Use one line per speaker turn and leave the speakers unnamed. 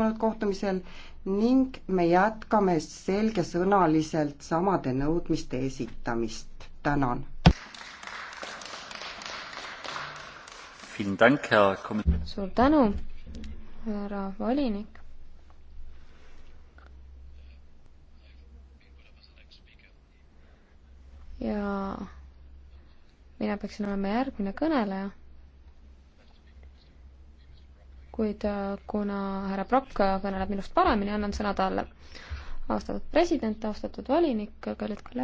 toimunud kohtumisel ning me jätkame selgesõnaliselt samade nõudmiste esitamist. tänan. suur tänu, härra volinik.
ja mina peaksin olema järgmine kõneleja kuid äh, kuna härra Prokk kõneleb minust paremini, annan sõna talle. austatud president, austatud volinik, kallid
kolleegid.